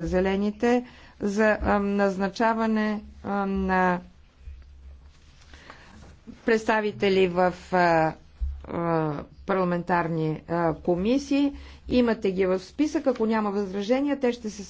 зелените за назначаване на представители в парламентарни комисии. Имате ги в списък. Ако няма възражения, те ще се